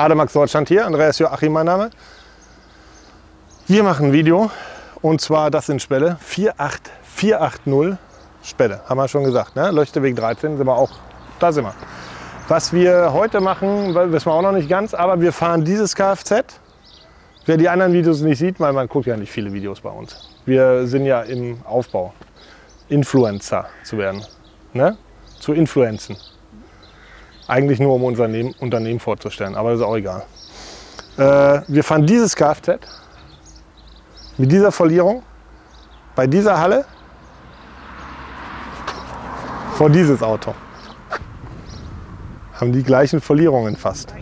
Ademax Deutschland hier, Andreas Joachim mein Name. Wir machen ein Video und zwar das sind Spelle, 48480 Spelle, haben wir schon gesagt, ne? Leuchteweg 13 sind wir auch, da sind wir. Was wir heute machen, wissen wir auch noch nicht ganz, aber wir fahren dieses Kfz. Wer die anderen Videos nicht sieht, weil man guckt ja nicht viele Videos bei uns. Wir sind ja im Aufbau, Influencer zu werden, ne? zu influenzen. Eigentlich nur, um unser Unternehmen, vorzustellen, aber das ist auch egal. Äh, wir fahren dieses Kfz mit dieser Folierung bei dieser Halle vor dieses Auto. Haben die gleichen Folierungen fast.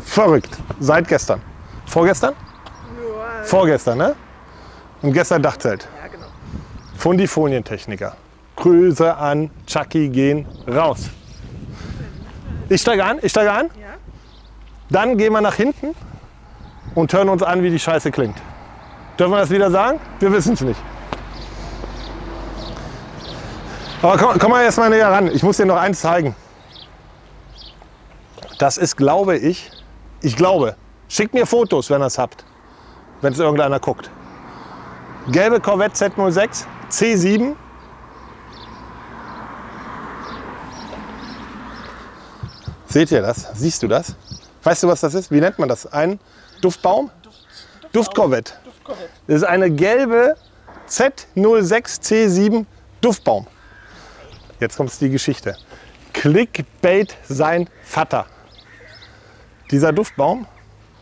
Verrückt. Seit gestern. Vorgestern? Ja. Vorgestern, ne? Und gestern Dachzelt. Ja, genau. Fundifolientechniker. Grüße an Chucky gehen raus. Ich steige an, ich steige an. Ja. Dann gehen wir nach hinten und hören uns an, wie die Scheiße klingt. Dürfen wir das wieder sagen? Wir wissen es nicht. Aber komm, komm mal erst mal näher ran. Ich muss dir noch eins zeigen. Das ist, glaube ich, ich glaube. Schickt mir Fotos, wenn ihr es habt. Wenn es irgendeiner guckt. Gelbe Corvette Z06, C7, Seht ihr das? Siehst du das? Weißt du, was das ist? Wie nennt man das? Ein Duftbaum? Duft, Duftkorvette. Duft das ist eine gelbe Z06C7 Duftbaum. Jetzt kommt die Geschichte. Clickbait sein Vater. Dieser Duftbaum,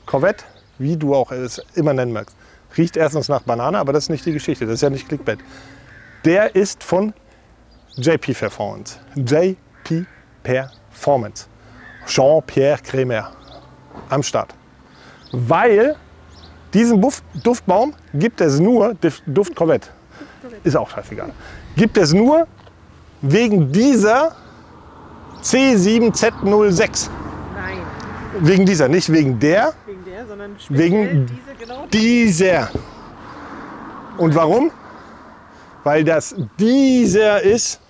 Corvette, wie du auch es immer nennen magst, riecht erstens nach Banane, aber das ist nicht die Geschichte, das ist ja nicht Clickbait. Der ist von JP Performance. JP Performance. Jean-Pierre Kremer am Start. Weil diesen Buff Duftbaum gibt es nur, Duft Corvette, ist auch scheißegal, gibt es nur wegen dieser C7Z06. Nein. Wegen dieser, nicht wegen der. Wegen der, sondern wegen diese, genau. dieser. Und warum? Weil das dieser ist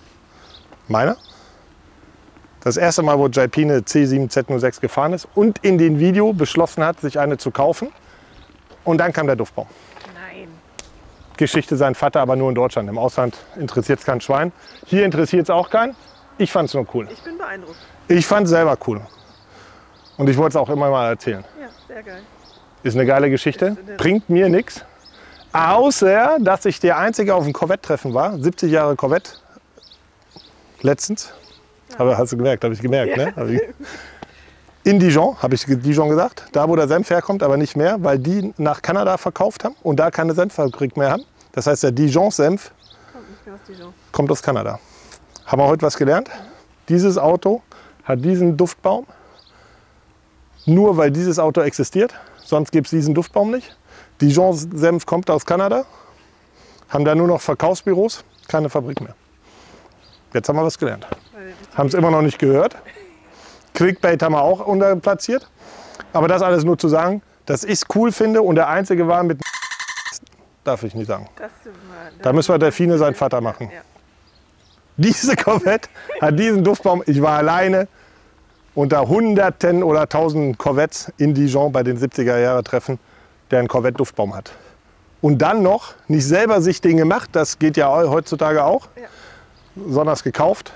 meiner. Das erste Mal, wo Jalpine C7Z06 gefahren ist und in dem Video beschlossen hat, sich eine zu kaufen. Und dann kam der Duftbaum. Nein. Geschichte sein Vater, aber nur in Deutschland. Im Ausland interessiert es kein Schwein. Hier interessiert es auch keinen. Ich fand es nur cool. Ich bin beeindruckt. Ich fand es selber cool. Und ich wollte es auch immer mal erzählen. Ja, sehr geil. Ist eine geile Geschichte. Bringt mir nichts. Außer, dass ich der Einzige auf dem Corvette-Treffen war. 70 Jahre Corvette. Letztens. Aber hast du gemerkt, habe ich gemerkt. Ne? Ja. Ne? In Dijon, habe ich Dijon gesagt, da wo der Senf herkommt, aber nicht mehr, weil die nach Kanada verkauft haben und da keine Senffabrik mehr haben. Das heißt, der Dijon-Senf Dijon. kommt, aus Kanada. Haben wir heute was gelernt? Dieses Auto hat diesen Duftbaum, nur weil dieses Auto existiert, sonst gibt es diesen Duftbaum nicht. Dijon-Senf kommt aus Kanada, haben da nur noch Verkaufsbüros, keine Fabrik mehr. Jetzt haben wir was gelernt haben es immer noch nicht gehört. Clickbait haben wir auch unterplatziert. Aber das alles nur zu sagen, dass ich es cool finde und der Einzige war mit darf ich nicht sagen. da müssen wir Delfine sein Vater machen. Diese Corvette hat diesen Duftbaum. Ich war alleine unter Hunderten oder Tausenden Corvettes in Dijon bei den 70er-Jahre-Treffen, der einen Corvette-Duftbaum hat. Und dann noch nicht selber sich den gemacht, das geht ja heutzutage auch, ja. sondern es gekauft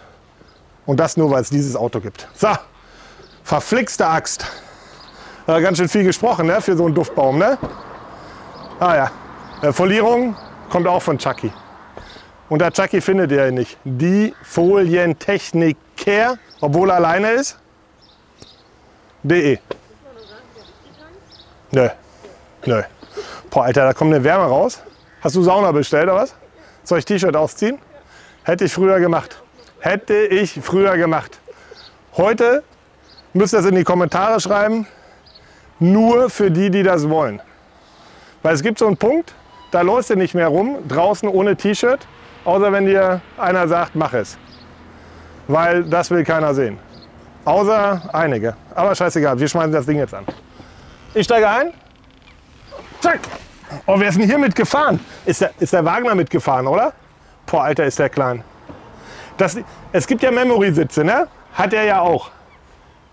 und das nur, weil es dieses Auto gibt. So, verflixte Axt. Äh, ganz schön viel gesprochen ne? für so einen Duftbaum. Ne? Ah ja, äh, Folierung kommt auch von Chucky. Und der Chucky findet ihr ihn nicht. Die Folientechniker, obwohl er alleine ist. E. De. Nö. Nö. Boah, Alter, da kommt eine Wärme raus. Hast du Sauna bestellt oder was? Soll ich T-Shirt ausziehen? Hätte ich früher gemacht hätte ich früher gemacht. Heute müsst ihr es in die Kommentare schreiben, nur für die, die das wollen. Weil es gibt so einen Punkt, da läufst du nicht mehr rum, draußen ohne T-Shirt, außer wenn dir einer sagt, mach es. Weil das will keiner sehen. Außer einige. Aber scheißegal, wir schmeißen das Ding jetzt an. Ich steige ein. Zack. Oh, wer ist denn hier mitgefahren? Ist der, ist der Wagner mitgefahren, oder? Boah, Alter, ist der klein. Das, es gibt ja Memory-Sitze, ne? Hat er ja auch.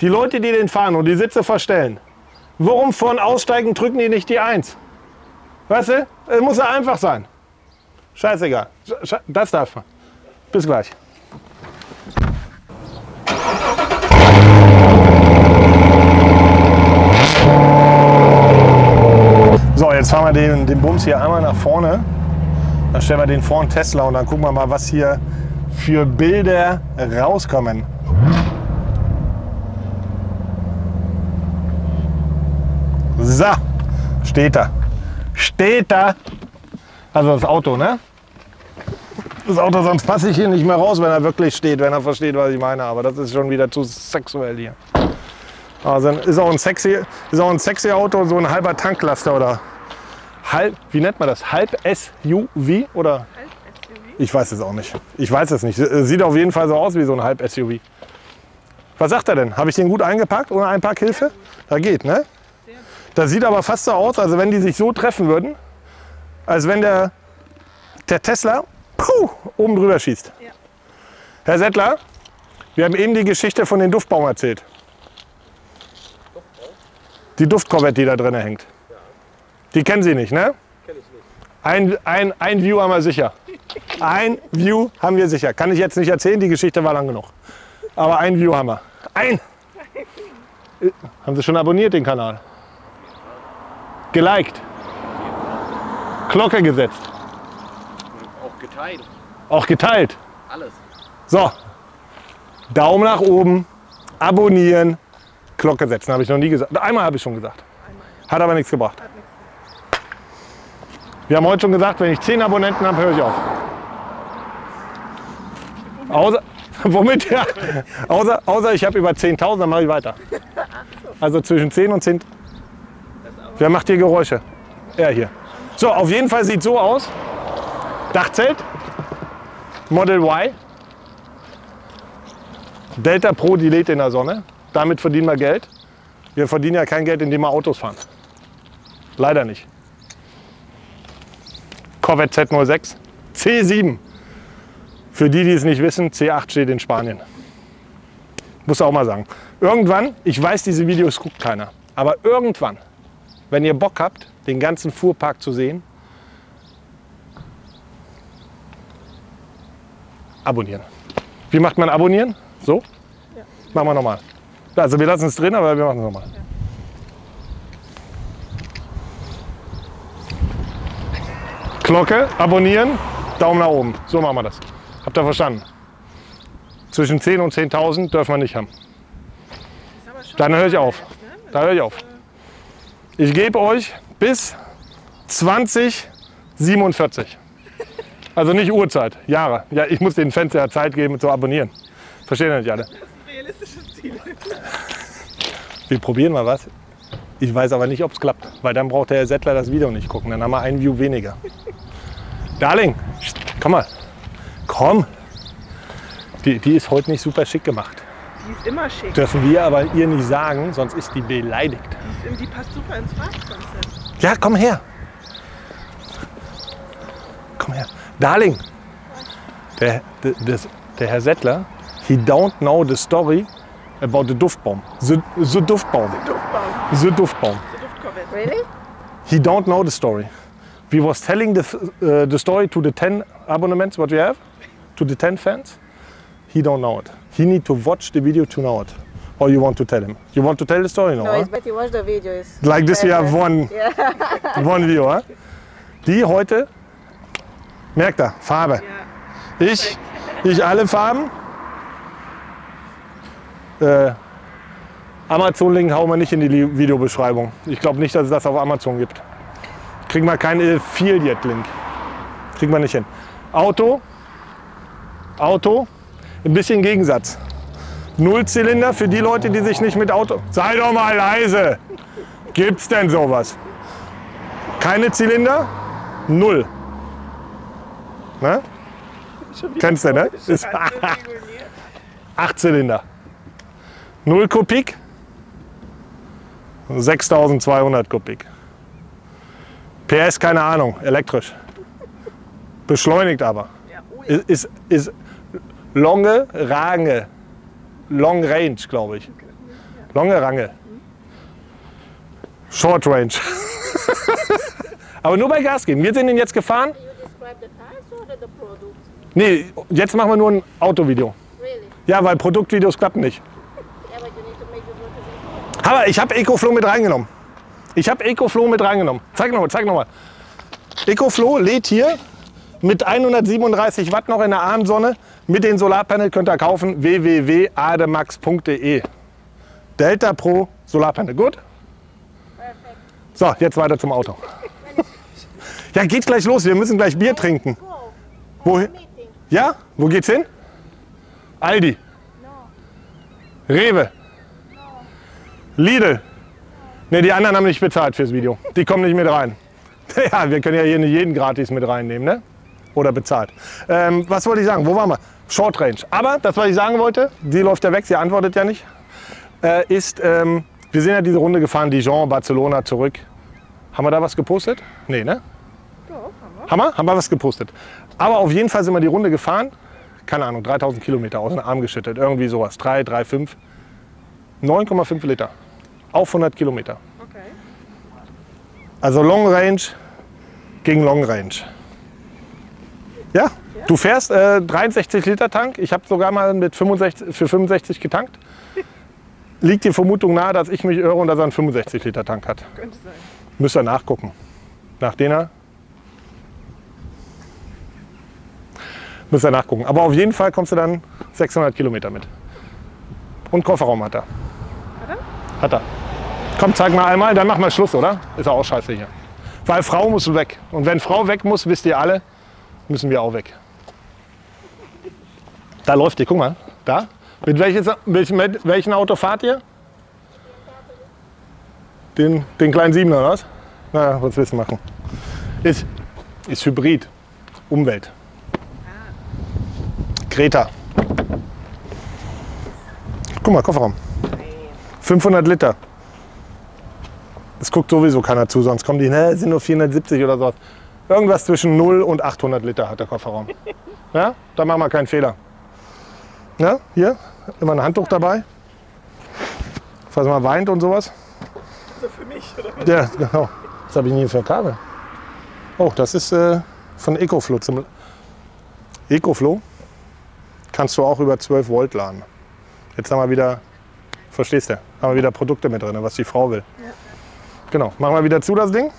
Die Leute, die den fahren und die Sitze verstellen. Warum vorn Aussteigen drücken die nicht die 1? Weißt du? Es muss ja einfach sein. Scheißegal. Das darf man. Bis gleich. So, jetzt fahren wir den, den Bums hier einmal nach vorne. Dann stellen wir den vorn Tesla und dann gucken wir mal, was hier für Bilder rauskommen. So, steht da. Steht da. Also das Auto, ne? Das Auto, sonst passe ich hier nicht mehr raus, wenn er wirklich steht, wenn er versteht, was ich meine. Aber das ist schon wieder zu sexuell hier. Also ist auch ein sexy, ist auch ein sexy Auto, so ein halber Tanklaster oder halb, wie nennt man das? Halb SUV oder? Ich weiß es auch nicht. Ich weiß es nicht. Äh, sieht auf jeden Fall so aus wie so ein Halb-SUV. Was sagt er denn? Habe ich den gut eingepackt ohne Einparkhilfe? Da geht, ne? Das sieht aber fast so aus, als wenn die sich so treffen würden, als wenn der, der Tesla puh, oben drüber schießt. Ja. Herr Settler, wir haben eben die Geschichte von den Duftbaum erzählt. Duftbaum? Die Duftkorvette, die da drin hängt. Ja. Die kennen Sie nicht, ne? Kenn ich nicht. Ein, ein, ein View einmal sicher. Ein View haben wir sicher. Kann ich jetzt nicht erzählen, die Geschichte war lang genug. Aber ein View haben wir. Ein! Haben Sie schon abonniert den Kanal? Geliked? Glocke gesetzt? Auch geteilt. Auch geteilt? Alles. So, Daumen nach oben, abonnieren, Glocke setzen. Habe ich noch nie gesagt. Einmal habe ich schon gesagt. Hat aber nichts gebracht. Wir haben heute schon gesagt, wenn ich 10 Abonnenten habe, höre ich auf. Außer, womit? Ja. Außer, außer ich habe über 10.000, dann mache ich weiter. Also zwischen 10 und 10. Wer macht hier Geräusche? Er hier. So, auf jeden Fall sieht so aus. Dachzelt, Model Y, Delta Pro, die lädt in der Sonne. Damit verdienen wir Geld. Wir verdienen ja kein Geld, indem wir Autos fahren. Leider nicht. Corvette Z06 C7. Für die, die es nicht wissen, C8 steht in Spanien. Muss auch mal sagen. Irgendwann, ich weiß, diese Videos guckt keiner, aber irgendwann, wenn ihr Bock habt, den ganzen Fuhrpark zu sehen, abonnieren. Wie macht man abonnieren? So? Ja. Machen wir nochmal. Also wir lassen es drin, aber wir machen es nochmal. Ja. Glocke, abonnieren, Daumen nach oben. So machen wir das. Habt ihr verstanden? Zwischen 10 und 10.000 dürfen wir nicht haben. Dann höre ich auf. Da höre ich auf. Ich gebe euch bis 2047. Also nicht Uhrzeit, Jahre. Ja, ich muss den Fans ja Zeit geben zu abonnieren. Verstehen ihr nicht alle? Das ist ein realistisches Ziel. Wir probieren mal was. Ich weiß aber nicht, ob es klappt, weil dann braucht der Herr Settler das Video nicht gucken. Dann haben wir ein View weniger. Darling, komm mal. Komm. Die, die ist heute nicht super schick gemacht. Die ist immer schick. Dürfen wir aber ihr nicht sagen, sonst ist die beleidigt. Die, ist, die passt super ins Fahrradkonzept. Ja, komm her. Komm her. Darling, der, der, der, der Herr Settler, he don't know the story about the Duftbaum. The, the Duftbaum. The Duftbaum. The Duftbaum. The Duftkorvette. Really? He don't know the story we was telling the, uh, the story to the 10 abonnements what we have, to the 10 fans, he don't know it. He need to watch the video to know it. Or you want to tell him? You want to tell the story, no? No, huh? but you watch the videos. Like this, we have one, yeah. one video, huh? Die heute, merkt er, Farbe. Yeah. Ich, ich alle Farben. Äh, Amazon-Link hauen wir nicht in die Videobeschreibung. Ich glaube nicht, dass es das auf Amazon gibt. Kriegen wir keinen Affiliate-Link. Kriegen wir nicht hin. Auto, Auto, ein bisschen Gegensatz. Nullzylinder für die Leute, die sich nicht mit Auto... Sei doch mal leise! Gibt's denn sowas? Keine Zylinder, null. Ne? Kennst du, ne? Acht Zylinder. Null Kubik, 6200 Kubik. PS, keine Ahnung, elektrisch. Beschleunigt aber. Ja, ist, ist Longe Range. Long Range, glaube ich. Longe Range. Short Range. aber nur bei Gas geben. Wir sind ihn jetzt gefahren. Nee, jetzt machen wir nur ein Autovideo. Ja, weil Produktvideos klappen nicht. Aber ich habe Ecoflow mit reingenommen. Ich habe EcoFlow mit reingenommen. Zeig nochmal, zeig nochmal. EcoFlow lädt hier mit 137 Watt noch in der Abendsonne. Mit den Solarpanel könnt ihr kaufen www.ademax.de. Delta Pro Solarpanel, gut? So, jetzt weiter zum Auto. Ja, geht gleich los, wir müssen gleich Bier trinken. Wohin? Ja, wo geht's hin? Aldi. Rewe. Lidl. Ne, die anderen haben nicht bezahlt fürs Video. Die kommen nicht mit rein. Ja, wir können ja hier nicht jeden gratis mit reinnehmen, ne? Oder bezahlt. Ähm, was wollte ich sagen? Wo waren wir? Short Range. Aber das, was ich sagen wollte, die läuft ja weg, sie antwortet ja nicht, äh, ist, ähm, wir sind ja diese Runde gefahren, Dijon, Barcelona, zurück. Haben wir da was gepostet? Nee, ne? Doch, haben wir. Haben wir? was gepostet. Aber auf jeden Fall sind wir die Runde gefahren. Keine Ahnung, 3000 Kilometer aus dem Arm geschüttet. Irgendwie sowas. 3, 3, 5. 9,5 Liter auf 100 Kilometer. Okay. Also Long Range gegen Long Range. Ja, ja. du fährst äh, 63 Liter Tank. Ich habe sogar mal mit 65, für 65 getankt. Liegt die Vermutung nahe, dass ich mich irre und dass er einen 65 Liter Tank hat. Könnte sein. Müsst ihr nachgucken. Nach denen. müsst ihr nachgucken. Aber auf jeden Fall kommst du dann 600 Kilometer mit. Und Kofferraum hat er. Hat er? Hat er. Komm, zeig mal einmal, dann machen wir Schluss, oder? Ist auch scheiße hier. Weil Frau muss weg. Und wenn Frau weg muss, wisst ihr alle, müssen wir auch weg. Da läuft die, guck mal. Da. Mit, welches, mit, mit welchem Auto fahrt ihr? Den, den kleinen Siebener, oder was? Na, was willst du machen? Ist, ist Hybrid. Umwelt. Greta. Guck mal, Kofferraum. 500 Liter. Es guckt sowieso keiner zu, sonst kommen die, ne, sind nur 470 oder so. Irgendwas zwischen 0 und 800 Liter hat der Kofferraum. Ja, ne? da machen wir keinen Fehler. Ja, ne? hier, immer ein Handtuch dabei. Falls man weint und sowas. Also für mich, oder? Ja, genau. Was habe ich denn hier für Kabel? Oh, das ist äh, von EcoFlow. Zum EcoFlow kannst du auch über 12 Volt laden. Jetzt haben wir wieder, verstehst du, haben wir wieder Produkte mit drin, was die Frau will. Ja. Genau, machen wir wieder zu das Ding.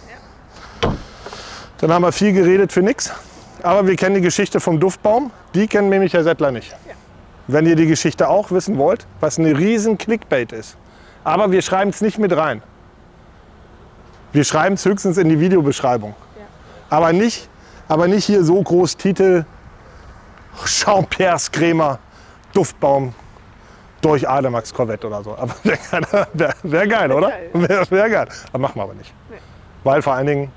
Dann haben wir viel geredet für nichts. Aber wir kennen die Geschichte vom Duftbaum. Die kennen nämlich Herr Settler nicht. Wenn ihr die Geschichte auch wissen wollt, was ein riesen Clickbait ist. Aber wir schreiben es nicht mit rein. Wir schreiben es höchstens in die Videobeschreibung. Aber, nicht, aber nicht hier so groß Titel Jean-Pierre Scremer Duftbaum durch Ademax Corvette oder so. Aber wäre geil, wär, wär geil oder? Wäre wär geil. Aber machen wir aber nicht. Nee. Weil vor allen Dingen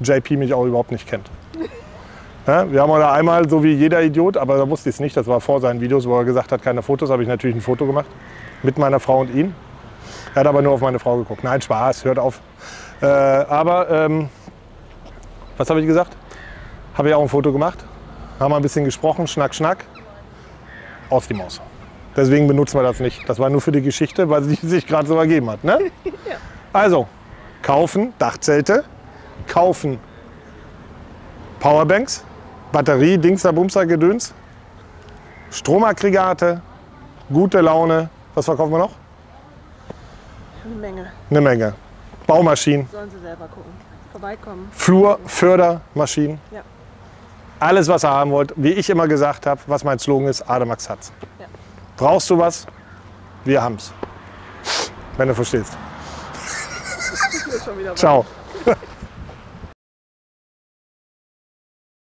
JP mich auch überhaupt nicht kennt. Ja, wir haben da einmal, so wie jeder Idiot, aber da wusste ich es nicht, das war vor seinen Videos, wo er gesagt hat, keine Fotos, habe ich natürlich ein Foto gemacht mit meiner Frau und ihm. Er hat aber nur auf meine Frau geguckt. Nein, Spaß, hört auf. Äh, aber, ähm, was habe ich gesagt? Habe ich auch ein Foto gemacht, haben wir ein bisschen gesprochen, schnack, schnack, aus die Maus. Deswegen benutzen wir das nicht. Das war nur für die Geschichte, weil sie sich gerade so ergeben hat. Ne? ja. Also, kaufen Dachzelte, kaufen Powerbanks, Batterie, Dingster, Bumster, Gedöns, Stromaggregate, gute Laune. Was verkaufen wir noch? Eine Menge. Eine Menge. Baumaschinen. Sollen Sie selber gucken. Vorbeikommen. Flur, Fördermaschinen. Ja. Alles, was ihr haben wollt. Wie ich immer gesagt habe, was mein Slogan ist, Ademax hat's. Brauchst du was? Wir haben's. Wenn du verstehst. Ciao.